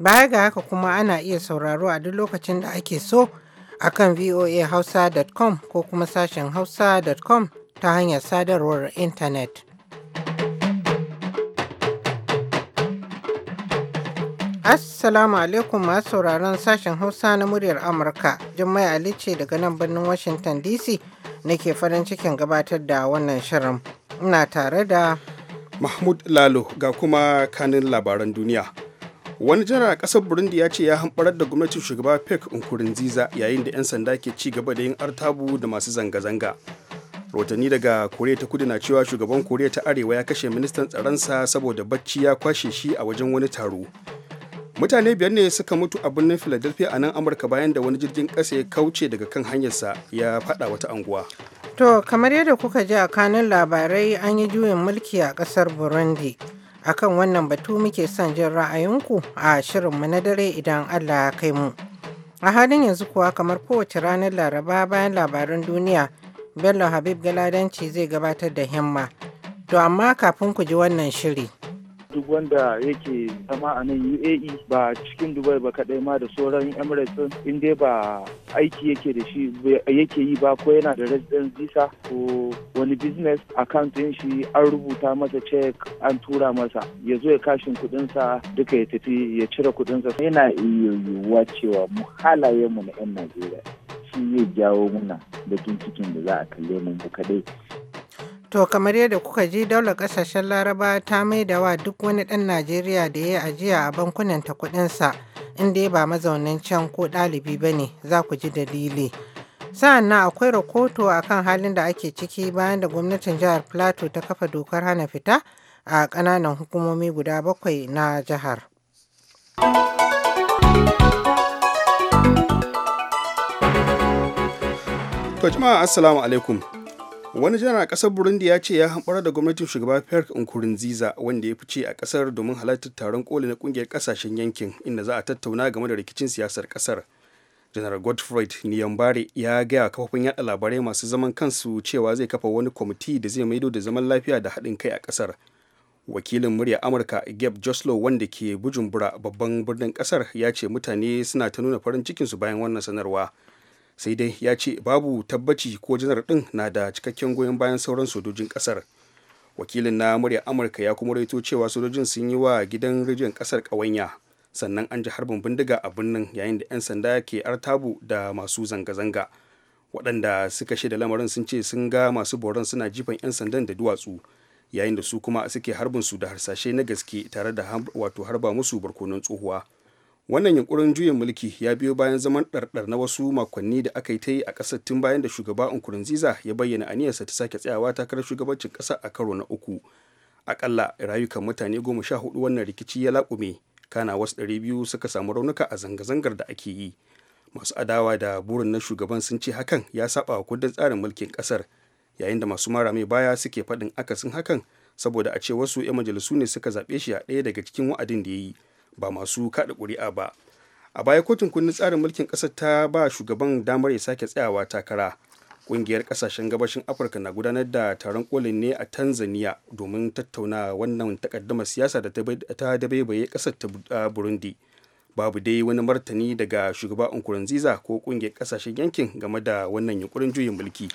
Baya ga haka kuma ana iya sauraro a duk lokacin da ake so a kan voahausa.com ko kuma sashen hausa.com ta hanyar sadarwar intanet. Assalamu alaikum masu sauraron sashen Hausa na muryar Amurka. Jummai Ali ce daga nan birnin Washington DC nake farin cikin gabatar da wannan shirin. Ina tare da Mahmud Lalo ga kuma kanin labaran duniya. wani jihar a kasar burundi ya ce ya hamɓarar da gwamnatin shugaba pek nkurunziza yayin da 'yan sanda ke ci gaba da yin artabu da masu zanga-zanga rotanni daga koriya ta kudu na cewa shugaban koriya ta arewa ya kashe ministan tsaronsa saboda bacci ya kwashe shi a wajen wani taro mutane biyar ne suka mutu a birnin philadelphia a nan amurka bayan da wani jirgin ƙasa ya kauce daga kan hanyarsa ya faɗa wata anguwa to kamar yadda kuka ji a kanin labarai an yi juyin mulki a ƙasar burundi Akan wannan batu muke son jin ra'ayinku a shirinmu na dare idan Allah ya kai mu. A halin yanzu kuwa kamar kowace ranar Laraba bayan labaran duniya, Bello Habib Galadanci zai gabatar da himma. To amma kafin ku ji wannan shiri. duk wanda yake zama a nan UAE ba cikin Dubai ba kaɗai ma da sauran Emirates in dai ba aiki yake da shi yake yi ba ko yana da resident visa ko wani business account din shi an rubuta masa check an tura masa ya zo ya kashin sa duka ya tafi ya cire sa. yana iya yiwuwa cewa mu na 'yan Najeriya shi ya jawo muna da cikin da za a kalle mu kadai To kamar yadda kuka ji daular kasashen Laraba ta maida wa duk wani ɗan Najeriya da ya ajiya a bankunan ta kuɗinsa inda ya ba mazaunan can ko ɗalibi ba ne za ku ji dalili. Sa'an nan akwai rahoto a kan halin da ake ciki bayan da gwamnatin jihar Plateau ta kafa dokar hana fita a ƙananan hukumomi guda bakwai na jihar. To jama'a assalamu alaikum. wani janar kasar burundi ya ce ya hamɓara da gwamnatin shugaba pierre nkurunziza wanda ya fice a kasar domin halartar taron koli na kungiyar kasashen yankin inda za a tattauna game da rikicin siyasar kasar janar godfrey niyambare ya gaya kafafin yada labarai masu zaman kansu cewa zai kafa wani kwamiti da zai maido da zaman lafiya da haɗin kai a kasar wakilin murya amurka gab joslo wanda ke bujumbura babban birnin kasar ya ce mutane suna ta nuna farin cikinsu bayan wannan sanarwa sai dai ya ce babu tabbaci ko janar din na da cikakken goyon bayan sauran sojojin kasar wakilin na murya amurka ya kuma raito cewa sojojin sun yi wa gidan rijiyar kasar ƙawanya sannan an ji harbin bindiga a birnin yayin da 'yan sanda ke artabu da masu zanga-zanga waɗanda suka shaida lamarin sun ce sun ga masu boron suna jifan 'yan sandan da duwatsu yayin da su kuma suke harbin su da harsashe na gaske tare da wato harba musu barkonon tsohuwa wannan yunkurin juyin mulki ya biyo bayan zaman ɗarɗar na wasu makonni da aka yi ta yi a ƙasar tun bayan da shugaba nkurunziza ya bayyana aniyarsa ta sake tsayawa takarar shugabancin ƙasa a karo na uku akalla rayukan mutane goma sha hudu wannan rikici ya laƙume kana wasu ɗari biyu suka samu raunuka a zanga-zangar da ake yi masu adawa da burin na shugaban sun ce hakan ya saba wa kundin tsarin mulkin ƙasar yayin da masu mara mai baya suke faɗin akasin hakan saboda a ce wasu 'yan majalisu ne suka zaɓe shi a ɗaya daga cikin wa'adin da ya yi ba masu kaɗa ƙuri'a ba a baya kotun kundin tsarin mulkin ƙasa ta ba shugaban damar ya sake tsayawa takara ƙungiyar ƙasashen gabashin afirka na gudanar da taron kolin ne a tanzania domin tattauna wannan takaddama siyasa da ta dabaibaye ƙasar ta burundi babu dai wani martani daga shugaba nkurunziza ko ƙungiyar ƙasashen yankin game da wannan yunkurin juyin mulki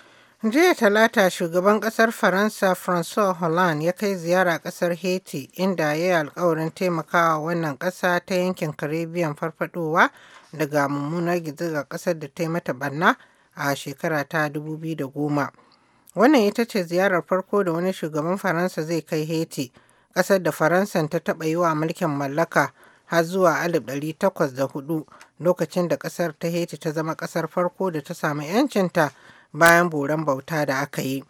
Jiya Talata shugaban ƙasar Faransa Francois Hollande ya kai ziyara ƙasar Haiti inda ya yi alkawarin taimakawa wannan ƙasa ta yankin Caribbean farfadowa daga mummunar gizaga ƙasar da ta yi mata barna a shekara ta 2010. Wannan ita ce ziyarar farko da wani shugaban Faransa zai kai Haiti, ƙasar da Faransan ta taba yi wa mulkin mallaka har zuwa 1804 lokacin da ƙasar ta Haiti ta zama ƙasar farko da ta samu 'yancinta. bayan boran bauta da aka yi.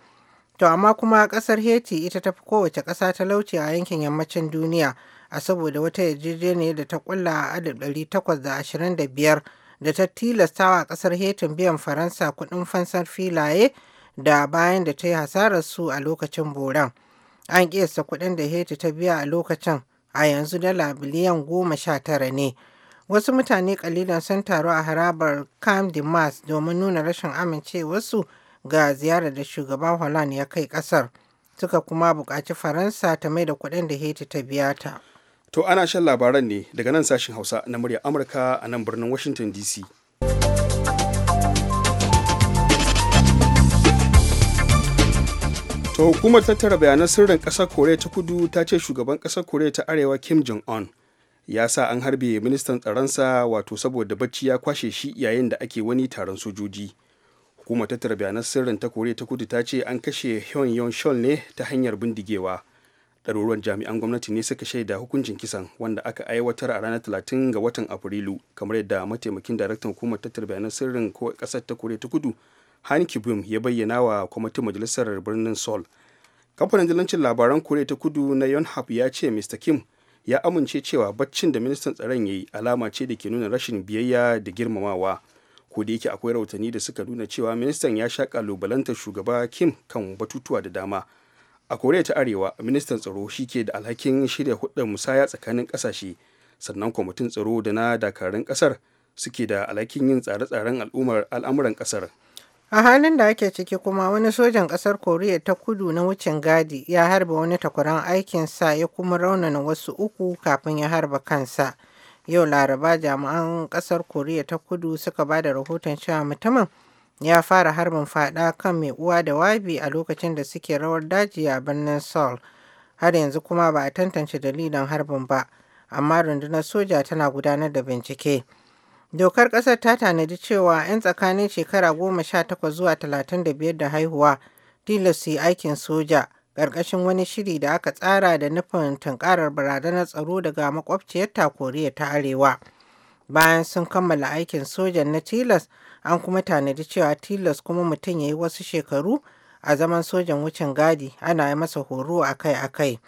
To amma kuma ƙasar Haiti ita ta fi kowace ƙasa talauci a yankin yammacin duniya a saboda wata yarjejeniyar da ta kulla a 1825 da ta tilastawa ƙasar Haiti biyan Faransa kuɗin fansar filaye da bayan da ta yi hasarar su a lokacin boran. An ƙiyasta kuɗin da Haiti ta biya a lokacin a yanzu dala biliyan goma sha tara ne. wasu mutane kalilan sun taru a harabar camp de mars domin nuna rashin amincewarsu ga ziyarar da shugaban holland ya kai kasar suka kuma buƙaci faransa ta mai da kuɗin da haiti ta biya ta to ana shan labaran ne daga nan sashen hausa na murya amurka a nan birnin washington dc to hukumar tattara bayanan sirrin ƙasar korea ta kudu ta ce shugaban ƙasar korea ta arewa kim jong-un ya sa an harbe ministan tsaronsa wato saboda bacci ya kwashe shi yayin da ake wani taron sojoji hukumar tattara bayanan sirrin ta koriya ta kudu ta ce an kashe hyun yon shol ne ta hanyar bindigewa ɗaruruwan jami'an gwamnati ne suka shaida hukuncin kisan wanda aka aiwatar a ranar talatin ga watan afrilu kamar yadda mataimakin daraktan hukumar tattara bayanan sirrin ko ƙasar ta koriya ta kudu han kibum ya bayyana wa kwamitin majalisar birnin sol kamfanin dalancin labaran koriya ta kudu na yonhap ya ce mr kim ya amince cewa baccin da ministan tsaron ya yi alama ce da ke nuna rashin biyayya da girmamawa ko da yake akwai rautani da suka nuna cewa ministan ya sha kalubalantar shugaba kim kan batutuwa da dama a koriya ta arewa ministan tsaro shi ke da alhakin shirya hudar musaya tsakanin kasashe sannan kwamitin tsaro da na dakarun kasar suke da alhakin yin tsare-tsaren al'ummar al'amuran kasar a halin da ake ciki kuma wani sojan ƙasar koriya ta kudu na wucin gadi ya harba wani takwaran aikinsa ya kuma raunana wasu uku kafin ya harba kansa yau laraba jami'an ƙasar koriya ta kudu suka ba da rahoton cewa mutumin ya fara harbin fada kan mai uwa da wabi a lokacin da suke rawar daji a birnin seoul har yanzu kuma ba a tantance dalilin harbin ba amma rundunar soja tana gudanar da bincike. Dokar ƙasar ta tanadi cewa 'yan tsakanin shekara goma sha takwas zuwa talatin da biyar da haihuwa tilas su yi aikin soja ƙarƙashin wani shiri da aka tsara da nufin tunƙarar barazanar tsaro daga makwabciyarta Takoriya ta Arewa. Bayan sun kammala aikin sojan na tilas an kuma tanadi cewa tilas kuma mutum ya yi wasu shekaru a zaman sojan wucin gadi ana yi masa horo akai-akai.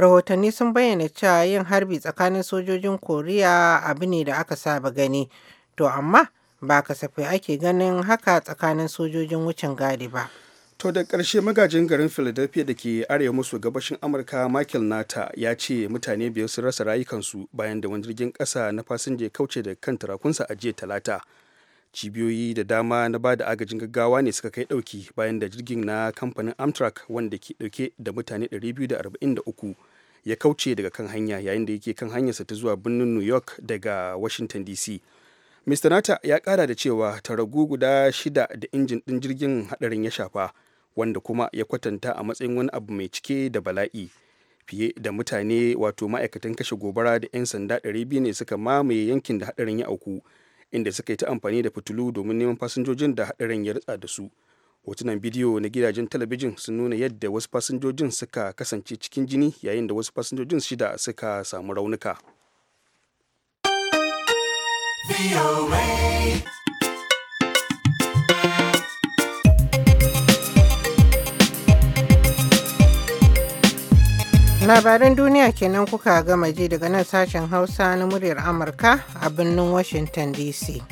rahotanni sun bayyana cewa yin harbi tsakanin sojojin koriya abu ne da aka saba gani to amma ba kasafai ake ganin haka tsakanin sojojin wucin gadi ba to da ƙarshe magajin garin philadelphia da ke arewa maso gabashin amurka michael nata ya ce mutane biyar sun rasa rayukansu bayan da wani jirgin ƙasa na fasinja ya kauce da kan tarakunsa a jiya talata cibiyoyi da dama na ba da agajin gaggawa ne suka kai ɗauki bayan da jirgin na kamfanin amtrak wanda ke ɗauke da mutane 243 ya kauce daga kan hanya yayin da yake kan hanyarsa ta zuwa birnin new york daga washington dc mr nata ya kara da cewa taragu guda shida da injin din jirgin hadarin ya shafa wanda kuma ya kwatanta a matsayin wani abu mai cike da bala'i fiye da mutane wato ma'aikatan kashe gobara da 'yan sanda 200 ne suka mamaye yankin da hadarin ya auku inda suka yi ta amfani da fitilu domin neman fasinjojin da hadarin ya ritsa da su hotunan bidiyo na gidajen talabijin sun nuna yadda wasu fasinjojin suka kasance cikin jini yayin da wasu fasinjojin shida suka samu raunuka labaran duniya kenan kuka gama ji daga nan sashen hausa na muryar amurka a birnin washington dc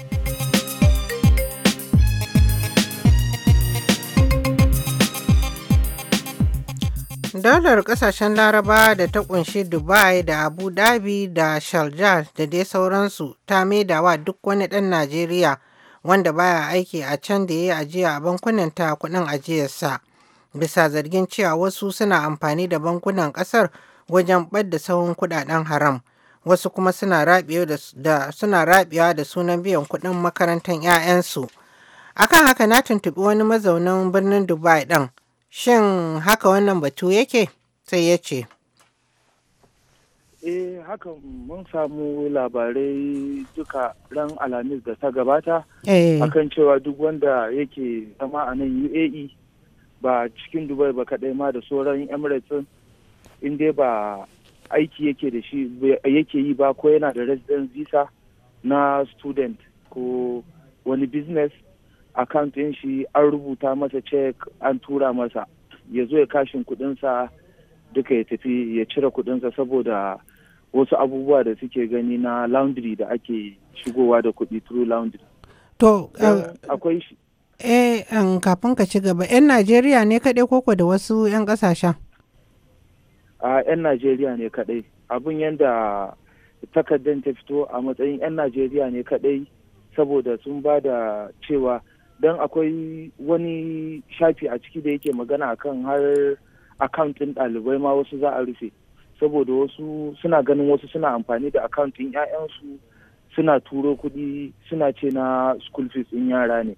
Dalar kasashen Laraba da ta kunshi Dubai da Abu Dhabi da Sharjah da dai sauransu ta wa duk wani ɗan Najeriya wanda baya aiki a can da ya yi ajiya a bankunan ta kuɗin ajiyarsa. Bisa zargin cewa wasu suna amfani da bankunan ƙasar wajen ɓadda sahun kuɗaɗen haram. Wasu kuma suna rabewa da sunan biyan kuɗin makarantar 'ya'yansu. Akan haka na tuntuɓi wani mazaunin birnin Dubai ɗin. Shin haka wannan batu yake? Sai ya ce. Eh haka mun samu labarai duka ran Alhamis da ta gabata. Eh. Akan cewa duk wanda yake zama a nan UAE ba cikin Dubai ba kaɗai ma da sauran Emirates in dai ba aiki yake da shi yake yi ba ko yana da resident visa na student ko wani business account ɗin shi an rubuta masa cek an tura masa ya zo ya kashin kudinsa duka ya tafi ya cire kudinsa saboda wasu abubuwa da suke gani na laundry da ake shigowa da kuɗi through laundry. To, akwai shi. Eh, kafin ka ci gaba, 'yan Najeriya ne kaɗai koko da wasu 'yan ƙasashen? A 'yan Najeriya ne kaɗai. Abin yadda takardar ta fito a matsayin 'yan Najeriya ne kaɗai saboda sun ba da cewa don akwai wani shafi a ciki da yake magana akan har akauntin ɗalibai ma wasu za a rufe saboda wasu suna ganin wasu suna amfani da akauntin 'ya'yansu suna turo kuɗi suna ce na school fees in yara ne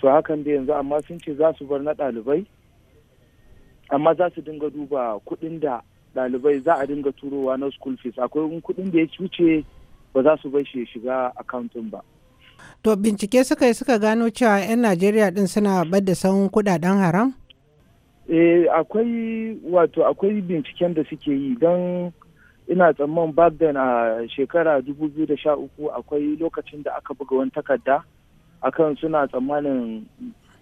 to hakan da yanzu amma sun ce za su bar na ɗalibai amma za su dinga duba kuɗin da ɗalibai za a dinga turowa na school fees akwai kuɗin da ya cuce ba za su bai shi shiga akauntin ba To bincike suka yi suka gano cewa 'yan Najeriya din suna da sahun kudaden haram? Eh akwai wato akwai binciken da suke yi don ina tsamman bagdan a shekara 2013 akwai lokacin da aka buga wani takarda akan suna tsammanin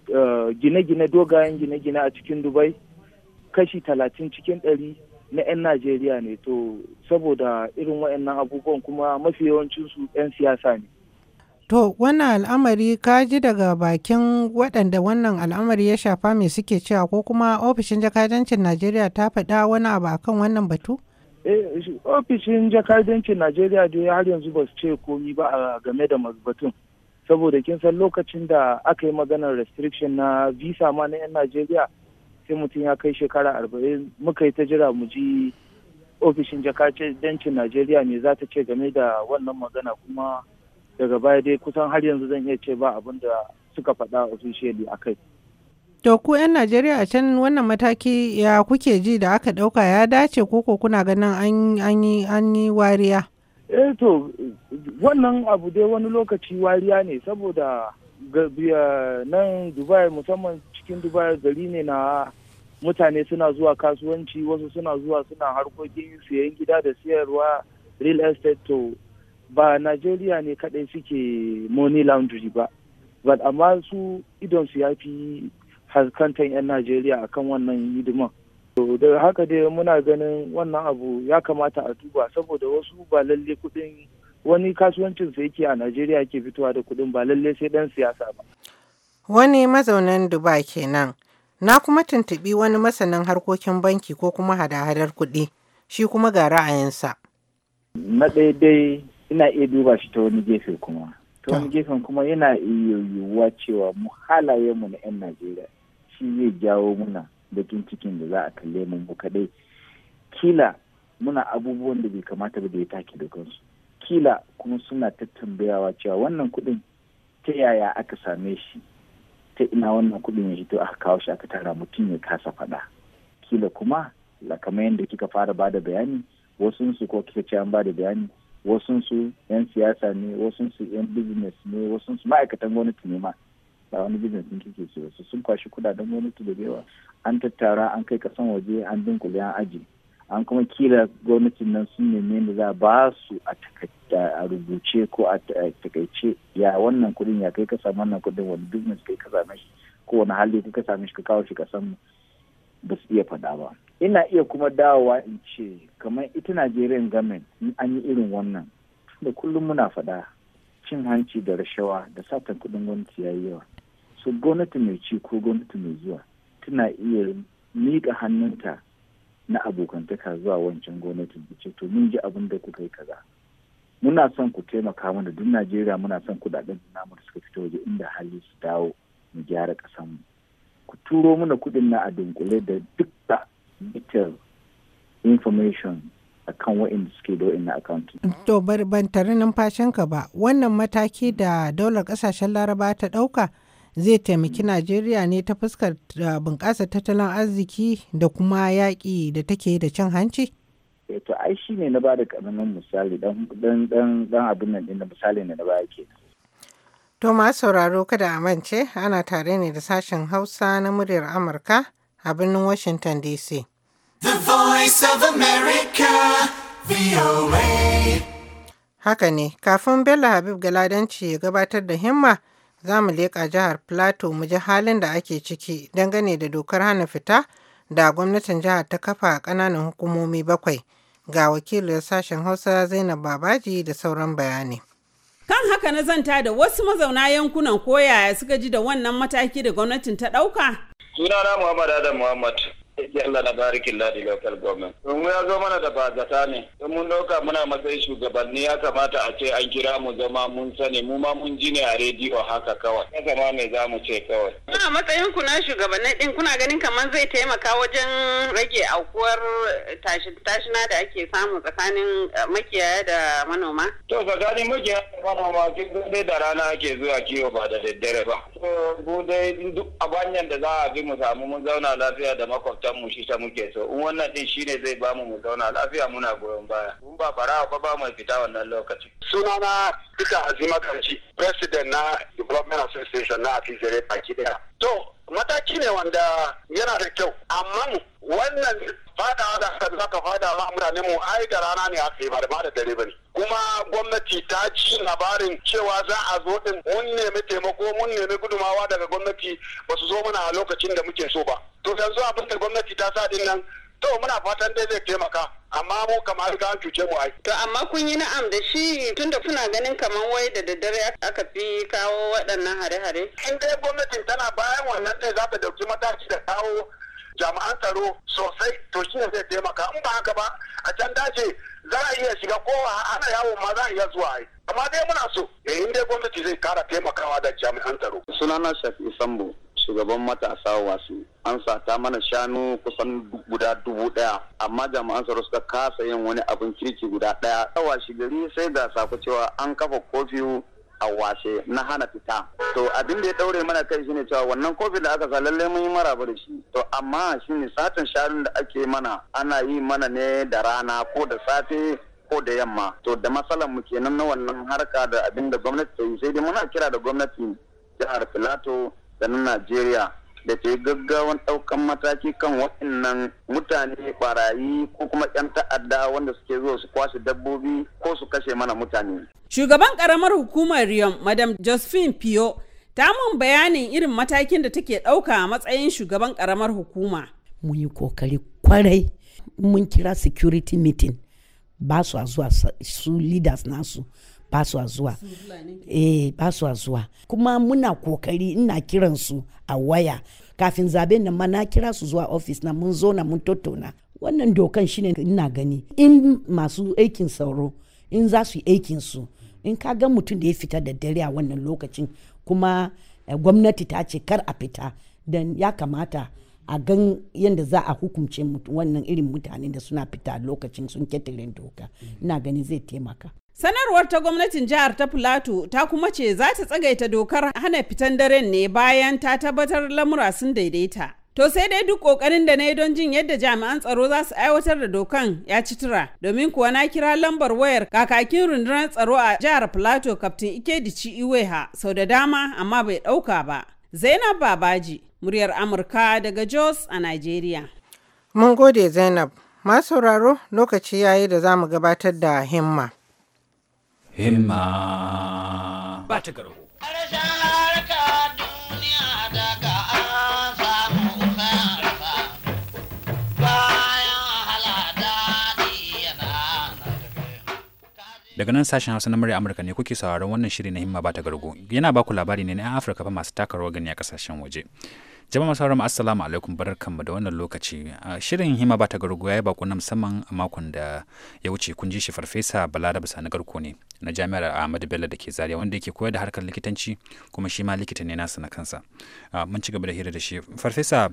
eh, gine-gine dogayen gine-gine a cikin dubai kashi 30 cikin 100 na 'yan najeriya ne to saboda irin waɗannan abubuwan kuma mafi yawancinsu 'yan siyasa ne To, wannan al'amari ka ji daga bakin waɗanda wannan al'amari ya shafa mai suke cewa ko kuma ofishin jakadancin Najeriya ta faɗa wani abu akan wannan batu? Eh, ofishin jakadancin Najeriya dai har yanzu ba su ce komi ba a game da batun. Saboda kin san lokacin da aka yi maganar restriction na visa ma na 'yan Najeriya sai mutum ya kai shekara arba'in muka yi ta jira mu ji ofishin jakadancin Najeriya ne za ta ce game da wannan magana kuma daga baya dai kusan har yanzu zan iya ce ba abin da suka faɗa officially a kai. To ku 'yan Najeriya a can wannan mataki ya kuke ji da aka ɗauka ya dace ko koko kuna ganin an yi wariya? Eh to wannan abu dai wani lokaci wariya ne saboda nan Dubai musamman cikin Dubai gari ne na mutane suna zuwa kasuwanci wasu suna zuwa suna harkokin siyan gida da siyarwa real estate to ba Najeriya ne kaɗai suke money laundry ba but amma su su ya fi haskantan 'yan Najeriya akan wannan hidiman. To da haka dai muna ganin wannan abu ya kamata a duba saboda wasu ba lalle kuɗin wani kasuwancin yake a Najeriya ke fitowa da kuɗin ba lalle sai ɗan siyasa ba. Wani mazaunan Dubai kenan. Na kuma tuntuɓi wani masanin harkokin banki ko kuma hada-hadar kuɗi, shi kuma ga ra'ayinsa. Na ɗaya dai ina iya duba shi ta wani gefe kuma ta wani ah. gefen kuma yana iya yiwuwa cewa mu halayenmu na 'yan najeriya shi zai jawo muna bakin cikin da za a kalle mu mu kadai kila muna abubuwan da bai kamata ba da ya take da kansu kila kuma suna tambayawa cewa wannan kuɗin ta yaya aka same shi ta ina wannan kuɗin ya hito aka kawo shi aka tara mutum ya kasa faɗa kila kuma kamar yadda kika fara bada bayani wasu su ko kika ce an bada bayani wasunsu 'yan siyasa ne wasunsu 'yan business ne wasunsu ma'aikatan gwamnati ne ma ba wani business ɗin kike ce wasu sun kwashi kudaden gwamnati da yawa an tattara an kai kasan waje an dunkule an aji an kuma kila gwamnatin nan sun neme da za ba su a rubuce ko a takaice ya wannan kudin ya kai ka samu wannan kudin wani business kai ka same shi ko wani hali kai ka same shi ka kawo shi kasan mu ba su iya faɗa ba ina iya kuma dawowa in ce kamar ita najeriyan gamen in an yi irin wannan da kullum muna faɗa cin hanci da rashawa da satan kuɗin gwamnati ya yi yawa so gwamnati mai ci ko gwamnati mai zuwa tana iya miƙa hannunta na abokantaka zuwa wancan gwamnatin da ce to mun ji abin da kuka yi kaza muna son ku taimaka mana duk najeriya muna son kudaden namu da suka fito waje inda hali su dawo mu gyara ƙasanmu turo mana kudin na a dunkule da duk da detail information a kan wa'inda suke da wa'in accounting. To ban tare numfashinka ba wannan mataki da daular kasashen laraba ta dauka zai taimaki Najeriya ne ta fuskar uh, bunƙasa tattalin arziki da kuma yaƙi da take da cin hanci? Eh, to ai shi ne na ba da ƙaramin misali dan abin nan ɗin da misali ne na ba kenan. To masu sauraro kada a mance ana tare ne da sashen Hausa na muryar Amurka a birnin Washington DC. The Voice of America, VOA. Haka ne, kafin Bello Habib Galadanci ya gabatar da himma za mu leƙa jihar Plateau mu ji halin da ake ciki dangane da dokar hana fita da gwamnatin jihar ta kafa a ƙananan hukumomi bakwai. Ga wakilin sashen Hausa Zainab Babaji da sauran bayani. Kan haka na zanta da wasu mazauna yankunan koyaya suka ji da wannan mataki da gwamnatin ta ɗauka. Sunana Muhammad Adam Muhammad. yake Allah na barikin ladi local government. Don ya zo mana da ba bazata ne, don mun ɗauka muna matsayin shugabanni ya kamata a ce an kira mu zama mun sani mu ma mun ji ne a rediyo haka kawai. Ya zama me za mu ce kawai. A matsayin ku na shugabanni din kuna ganin kamar zai taimaka wajen rage aukuwar tashina da ake samu tsakanin eh, makiyaya da manoma? To tsakanin makiyaya da manoma kin dai da rana ake zuwa kiwo ba da daddare ba. To dai duk abanyan da za a bi mu samu mun zauna lafiya da makwabta. can mu shi ta muke so in wannan din shine zai bamu mu zauna lafiya muna goyon baya mun ba bara ba ba mai fita wannan lokaci sunana duka azima kanci president na development association na afizere baki daya to mataki ne wanda yana da kyau amma wannan faɗawa da aka zaka fada ma mutane mu ai da rana ne a yi ba da ma dare bane kuma gwamnati ta ci labarin cewa za a zo din mun nemi taimako mun nemi gudumawa daga gwamnati ba su zo mana a lokacin da muke so ba to yanzu a da gwamnati ta sa din nan to muna fatan dai zai taimaka amma mu kamar ga an cuce mu ai to amma kun yi na'am da shi tunda kuna ganin kamar wai da daddare aka fi kawo waɗannan hare-hare in dai gwamnatin tana bayan wannan dai za ta dauki mataki da kawo jami'an tsaro sosai to shi ne zai taimaka in ba haka ba a can dace za a iya shiga kowa ana yawo ma za a iya zuwa ai amma dai muna so eh, in dai gwamnati zai kara taimakawa da jami'an tsaro sunana shafi sambo shugaban matasa wasu an sata mana shanu kusan guda dubu daya amma jami'an tsaro suka kasa yin wani abin kirki guda daya tsawa shi gari sai ga sako cewa an kafa kofi a washe na hana fita to abin da ya daure mana kai shine cewa wannan kofi da aka sa lallai mun yi maraba da shi to amma shine satin shanun da ake mana ana yi mana ne da rana ko da safe ko da yamma to da matsalar mu kenan na wannan harka da abin da gwamnati ta yi sai dai muna kira da gwamnati jihar filato da na najeriya da ke gaggawan ɗaukan mataki kan waɗannan mutane barayi ko kuma 'yan ta'adda wanda suke zuwa su kwashe dabbobi ko su kashe mana mutane. Shugaban ƙaramar hukumar Riyom, Madam Josephine Pio, ta mun bayanin irin matakin da take ɗauka a matsayin shugaban karamar hukuma. Mun yi kokari kwarai mun kira security meeting ba su zuwa su leaders nasu. ba su zuwa eh ba su zuwa kuma muna kokari ina kiran su a waya kafin zaben nan ma na kira su zuwa ofis na mun zo na mun tattauna wannan dokan shine ina gani in masu aikin sauro in za su aikin su in ka ga mutum da ya fita da dare a wannan lokacin kuma eh, gwamnati ta ce kar a fita dan ya kamata a gan yadda za a hukumce wannan irin mutane da suna fita lokacin sun ketare doka ina gani zai taimaka Sanarwar ta gwamnatin jihar ta Filato ta kuma ce za ta tsagaita dokar hana fitan daren ne bayan ta tabbatar lamura sun daidaita. To sai dai duk kokarin da na yi don jin yadda jami'an tsaro za su aiwatar da dokan ya ci tura. Domin kuwa na kira lambar wayar kakakin rundunar tsaro a jihar Filato Kaftin Ikedici Iweha sau da dama amma bai ɗauka ba. Zainab Babaji, muryar Amurka daga Jos a Najeriya. Mun gode Zainab. Masu sauraro lokaci yayi da za mu gabatar da himma. himma garo. Daga nan sashen Hausa na murya Amurka ne kuke sauraron wannan shiri na himma ba ta gargo. Yana baku labari ne na 'yan Afirka fa masu taka rawar gani a kasashen waje. jama'a sauran assalamu alaikum barkanmu da wannan lokaci shirin hima ba ta gargo ya yi bako na musamman a makon da ya wuce kun ji shi farfesa balaraba sani garko ne na jami'ar ahmadu bello da ke zariya wanda yake koyar da harkar likitanci kuma shi ma likita ne nasa na kansa mun ci gaba da hira da shi farfesa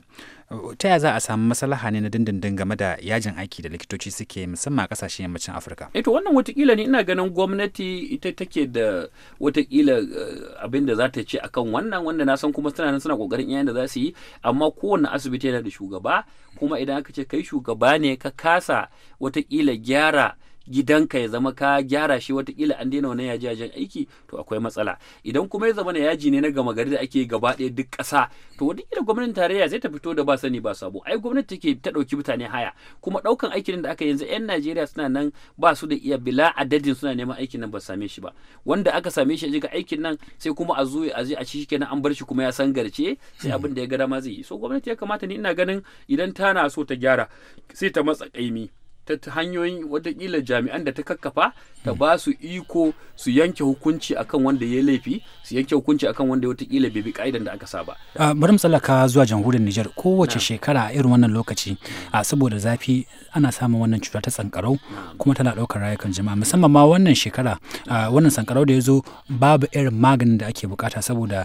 ta ya za a samu maslaha ne na dindindin game da yajin aiki da likitoci suke musamman a kasashen yammacin afirka eto eh wannan watakila ne ina ganin gwamnati ita take da watakila eh, abin da za ta ce akan wannan wanda na san kuma suna nan suna kokarin yayin da za su yi amma kowane asibiti yana da shugaba kuma idan aka ce kai shugaba ne ka kasa watakila gyara gidanka ya zama ka gyara shi watakila an daina wannan yaji wajen aiki to akwai matsala idan kuma ya zama na yaji ne na gama gari da ake gaba ɗaya duk ƙasa to watakila gwamnatin tarayya zai ta fito da ba sani ba sabo ai gwamnati take ta ɗauki mutane haya kuma ɗaukan aikin da aka yanzu 'yan Najeriya suna nan ba su da iya bila adadin suna neman aikin nan ba su same shi ba wanda aka same shi a aikin nan sai kuma a zo a je a ci kenan an bar shi kuma ya san garce sai hmm. abin da ya ga dama zai yi so gwamnati ya kamata ni ina ganin idan tana so ta gyara sai ta matsa kaimi ta hanyoyin watakila jami'an da ta kakkafa ta ba su iko su yanke hukunci akan wanda ya laifi su yanke hukunci akan wanda watakila bai bi ka'idan da aka saba. Ah, bari misala ka zuwa jamhuriyar Nijar kowace shekara a irin wannan lokaci a ah, saboda zafi ana samun wannan cuta ta sankarau kuma tana ɗaukar rayukan jama'a musamman ma wannan shekara ah, wannan sankarau da ya zo babu irin maganin da ake bukata saboda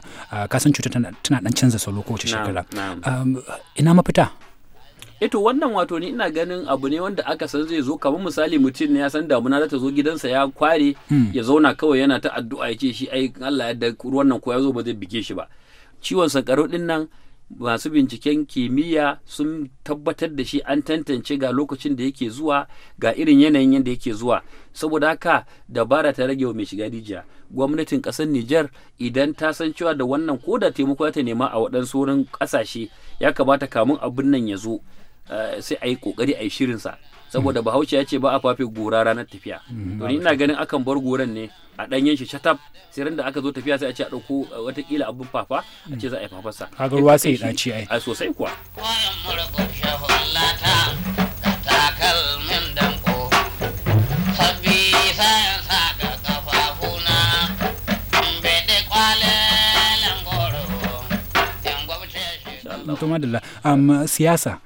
kasan cuta tana dan canza salo kowace shekara ina mafita. eto eh wannan wato ni ina ganin abu ne wanda aka san zai zo kamar misali mutum ne ya san damuna za ta zo gidansa ya kware hmm. ya zauna kawai yana ta addu'a ya ce shi ai Allah ya da ruwan nan ko ya zo ba zai bige shi ba ciwon sankarau din nan masu binciken kimiyya sun tabbatar da shi an tantance ga lokacin da yake zuwa ga irin yanayin yadda yake zuwa saboda haka dabara ta rage wa mai shiga rijiya gwamnatin kasar Nijar idan ta san cewa da wannan ko da taimako ta nema a waɗansu wurin ƙasashe ya kamata kamun abin nan ya zo Eh, sai a yi kokari a yi shirinsa saboda bahaushe ya ce ba a fafe gora ranar tafiya to ni ina ganin akan bar goran ne a ɗanyen shi shatap sai randa aka zo tafiya sai a ce a ɗauko eh, watakila abin fafa a ce za a yi fafarsa kaga ruwa sai ya ɗaci ai sosai kuwa to madalla siyasa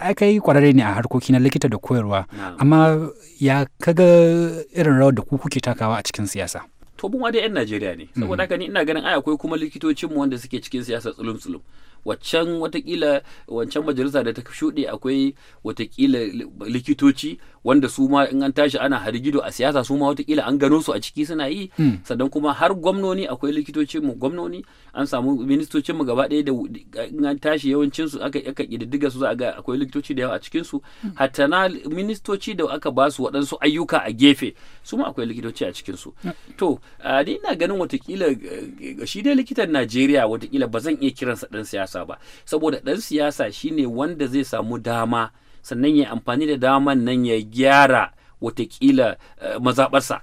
aka mm, yi kwararre ne a harkoki na likita da koyarwa amma ya kaga irin rawar da ku kuke takawa a cikin siyasa to mu dai yan Najeriya ne saboda mm. haka ni ina ganin ai akwai kuma likitocin mu wanda suke cikin siyasa tsulum tsulum waccan watakila wancan majalisa da ta shuɗe akwai watakila likitoci wanda su ma in an tashi ana harigido a siyasa su ma watakila an gano su a ciki suna yi hmm. sannan kuma har gwamnoni akwai likitoci mu gwamnoni an samu ministocin mu gaba ɗaya da in an tashi yawancin su aka aka kididdiga su za a ga akwai likitoci da yawa a cikin su hmm. hatta na ministoci da aka ba su waɗansu ayyuka a gefe su ma akwai likitoci a cikin su hmm. to ni ina ganin watakila shi dai likitan Najeriya watakila ba zan iya kiransa ɗan siyasa siyasa ba saboda ɗan siyasa shine wanda zai samu dama sannan ya amfani da daman nan ya gyara watakila eh, mazaɓarsa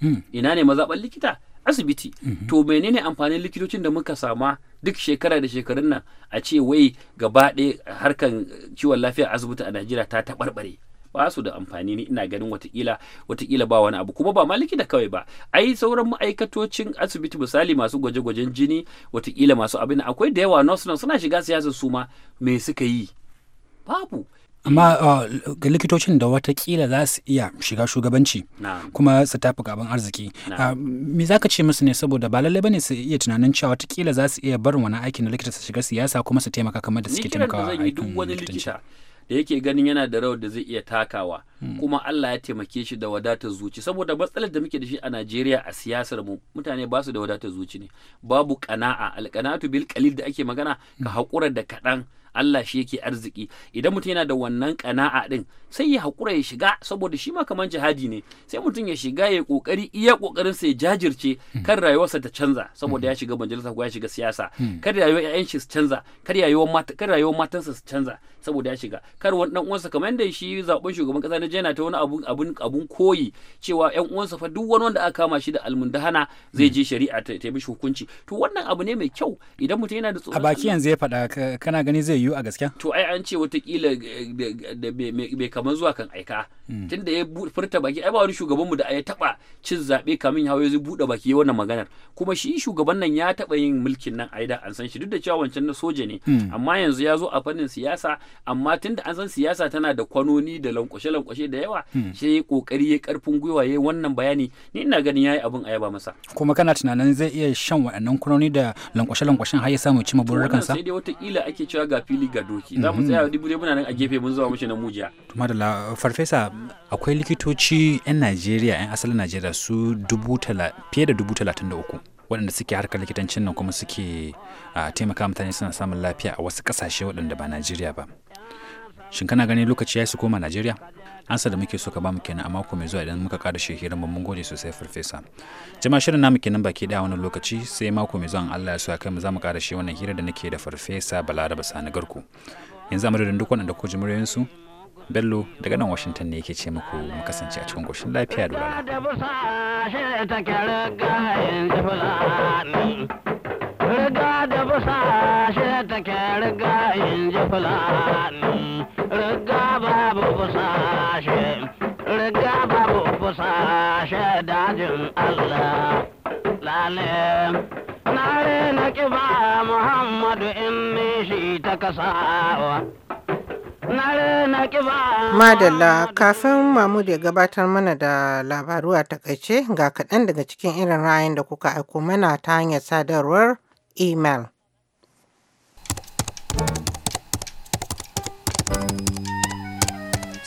hmm. ina ne mazaɓar likita asibiti hmm. to menene amfanin likitocin da muka sama duk shekara da shekarun nan a ce wai gaba ɗaya harkar kiwon lafiya asibiti a najeriya ta taɓarɓare ba su da amfani ne ina ganin watakila watakila ba wani abu kuma ba ma likita kawai ba ai sauran ma'aikatocin asibiti misali masu gwaje-gwajen jini watakila masu abin akwai da yawa nurse suna shiga siyasa su ma me suka yi babu amma ga uh, likitocin da watakila za su iya shiga shugabanci kuma su tafi gaban arziki uh, me za ka ce musu ne saboda ba lallai bane su iya tunanin cewa watakila za su iya barin wani aikin da likita su shiga siyasa kuma su taimaka kamar da suke taimakawa aikin likitanci da yake ganin yana da rawar da zai iya takawa hmm. kuma Allah ya taimake shi da wadatar zuci saboda matsalar da muke da shi a Najeriya a siyasar mu mutane ba su da wadatar zuci ne babu kana'a alqanatu bil qalil da ake magana ka hmm. hakura da kaɗan Allah shi yake arziki idan mutum yana da wannan kana'a din sai ya hakura ya shiga saboda shi ma kaman jihadi ne sai mutum ya shiga ya kokari iya kokarin sa ya jajirce hmm. kan rayuwarsa ta canza saboda hmm. ya shiga majalisa ko ya shiga siyasa hmm. kar rayuwar ƴaƴan shi su canza kar rayuwar mata kar rayuwar matansa su canza saboda ya shiga kar wani dan uwansa kamar yadda shi zaben shugaban kasa na jena ta wani abun abun abun koyi cewa ƴan uwansa fa duk wani wanda aka kama shi da almundahana zai je shari'a ta mishi hukunci to wannan abu ne mai kyau idan mutum yana da tsoro a baki yanzu ya faɗa kana gani zai yiwu a gaskiya to ai an ce watakila eh, da mai kamar zuwa kan aika hmm. tunda ya furta baki ai ba wani shugabanmu da ya taba cin zaɓe kamin ya hawa ya buɗe baki ya wannan maganar kuma shi shugaban nan ya taba yin mulkin nan aida da an san shi duk da cewa wancan na soja ne hmm. amma yanzu ya zo a fannin siyasa amma da an san siyasa tana da kwanoni da lankwashe lankwashe da yawa hmm. sai ya kokari ya karfin gwiwa ya wannan bayani ni ina ganin yayi abin ayaba masa kuma kana tunanin zai iya shan waɗannan kwanoni da lankwashe lankwashen har ya samu cimma burin kansa sai dai watakila ake cewa ga fili ga doki za mu tsaya dubu dai muna nan a gefe mun zuwa mace na mujiya madalla farfesa akwai likitoci yan najeriya yan asalin najeriya su dubu fiye da dubu talatin da uku waɗanda suke harkar likitancin nan kuma suke taimaka mutane suna samun lafiya a wasu ƙasashe waɗanda ba najeriya ba shin kana ganin lokaci ya su koma najeriya ansa da muke so ka bamu kenan a mako mai zuwa idan muka kada shehirin mu mun gode sosai farfesa jama'a shirin namu kenan baki daya wani lokaci sai mako mai zuwa Allah ya so kai mu za mu kada shi wannan hira da nake da farfesa Balaraba Sani Garku yanzu a madadin duk ku ko muryoyin su Bello daga nan Washington ne yake ce muku mu kasance a cikin goshin lafiya da Riga da busa shi take riga in ji fulani. Madalla kafin mamu ya gabatar mana da labaru a takaice ga kaɗan daga cikin irin ra'ayin da kuka aiko mana ta hanyar sadarwar email.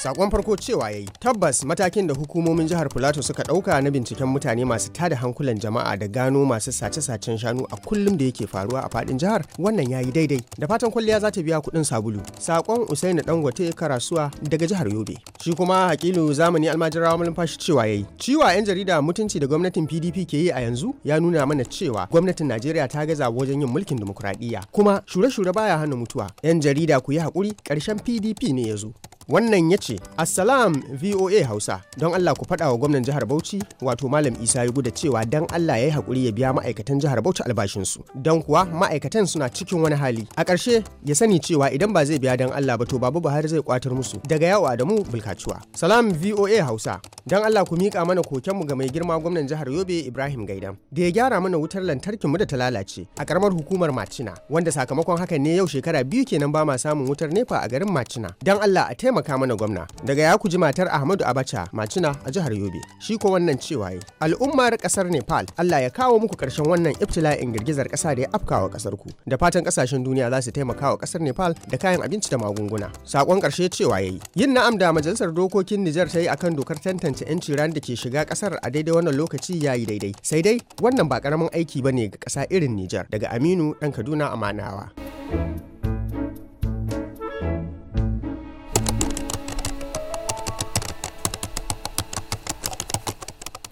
sakon farko cewa ya yi tabbas matakin da hukumomin jihar Filato suka dauka na binciken mutane masu tada hankulan jama'a da gano masu sace-sacen shanu a kullum da yake faruwa a fadin jihar wannan yi daidai da fatan kwalliya za ta biya kuɗin sabulu sakon Usaini Dangote Karasuwa daga jihar Yobe shi kuma Hakilu zamani almajirawa malumfashi cewa ya yayi ciwa yan jarida mutunci da gwamnatin PDP ke yi a yanzu ya nuna mana cewa gwamnatin Najeriya ta gaza wajen yin mulkin dimokuradiyya kuma shure-shure baya hana mutuwa yan jarida ku yi hakuri karshen PDP ne ya zo wannan ya ce assalam voa hausa don allah ku faɗa wa gwamnan jihar bauchi wato malam isa ya da cewa don allah ya yi hakuri ya biya ma'aikatan jihar bauchi albashinsu don kuwa ma'aikatan suna cikin wani hali a ƙarshe ya sani cewa idan ba zai biya don allah ba to babu buhari zai kwatar musu daga yawo adamu bulkacuwa salam voa hausa don allah ku miƙa mana kokenmu ga mai girma gwamnan jihar yobe ibrahim gaidan da ya gyara mana wutar lantarkinmu da ta lalace a ƙaramar hukumar macina wanda sakamakon hakan ne yau shekara biyu kenan ba ma samun wutar nepa a garin macina don allah a taimaka taimaka mana gwamna daga ya ku ji matar ahmadu abacha macina a jihar yobe shi ko wannan cewa yi al'ummar kasar nepal allah ya kawo muku karshen wannan iftila'in girgizar kasa da ya afkawa kasar ku da fatan kasashen duniya za su taimaka wa kasar nepal da kayan abinci da magunguna sakon karshe cewa yayi yin na'am da majalisar dokokin nijar ta yi akan dokar tantance yanci ran da ke shiga kasar a daidai wannan lokaci yayi daidai sai dai wannan ba karamin aiki ba ne ga kasa irin nijar daga aminu dan kaduna amanawa thank you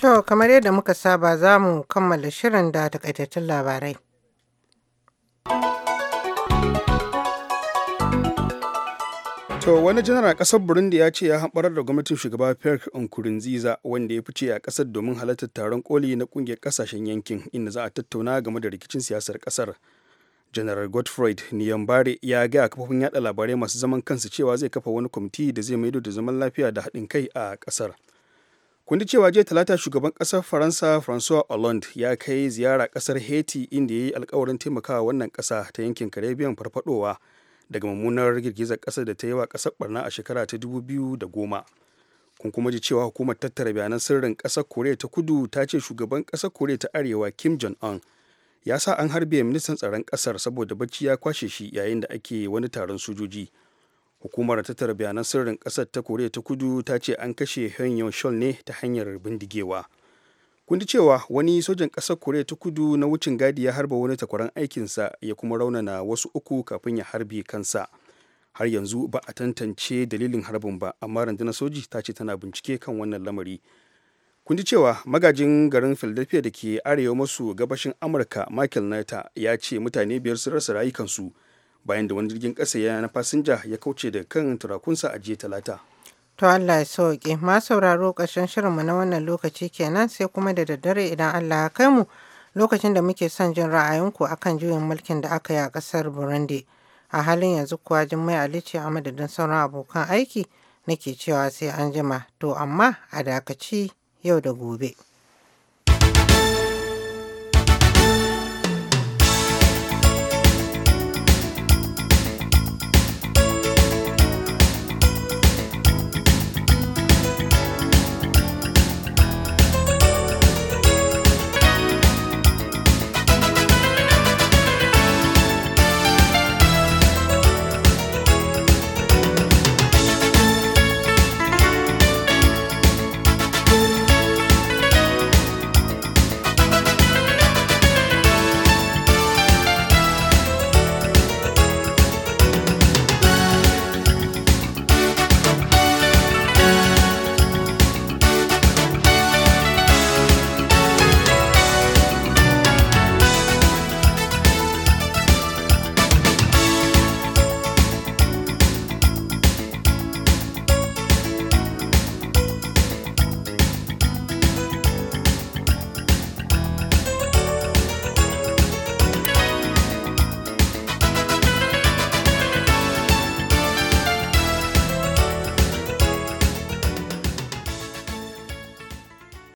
To, kamar yadda muka saba za mu kammala shirin da takaitattun labarai. To, wani janar a ƙasar Burundi ya ce ya haɓarar da gwamnatin shugaba Pierre Nkurunziza wanda ya fice a ƙasar domin halartar taron koli na ƙungiyar ƙasashen yankin inda za a tattauna game da rikicin siyasar ƙasar. General Godfrey Niyambare ya ga a kafofin yada labarai masu zaman kansu cewa zai kafa wani kwamiti da zai maido da zaman lafiya da haɗin kai a ƙasar. kun ji cewa jiya talata shugaban kasar faransa francois hollande ya kai ziyara kasar haiti inda ya yi alkawarin taimakawa wannan kasa ta yankin caribbean farfadowa daga mummunar girgizar kasar da ta yi wa kasar barna a shekara ta 2010 kun kuma ji cewa hukumar tattara bayanan sirrin kasar korea ta kudu ta ce shugaban kasar korea ta arewa kim jong un ya sa an harbe ministan tsaron kasar saboda bacci ya kwashe shi yayin da ake wani taron sojoji hukumar tattara bayanan sirrin kasar ta koriya ta kudu ta ce an kashe hanyon shol ne ta hanyar bindigewa kun ji cewa wani sojan kasar koriya ta kudu na wucin gadi ya harba wani takwaran aikinsa ya kuma raunana wasu uku kafin ya harbi kansa har yanzu ba a tantance dalilin harbin ba amma rundunar soji ta ce tana bincike kan wannan lamari kun ji cewa magajin garin philadelphia da ke arewa maso gabashin amurka michael naita ya ce mutane biyar sun rasa rayukansu bayan da wani jirgin ƙasa ya na fasinja ya kauce da kan turakunsa a jiya talata to Allah ya sauke ma sauraro ƙarshen shirinmu na wannan lokaci kenan sai kuma da daddare idan Allah ya kai mu lokacin da muke son jin ra'ayinku akan juyin mulkin da aka yi a ƙasar Burundi a halin yanzu kuwa jin mai ce a madadin sauran abokan aiki nake cewa sai an jima to amma a dakaci yau da gobe.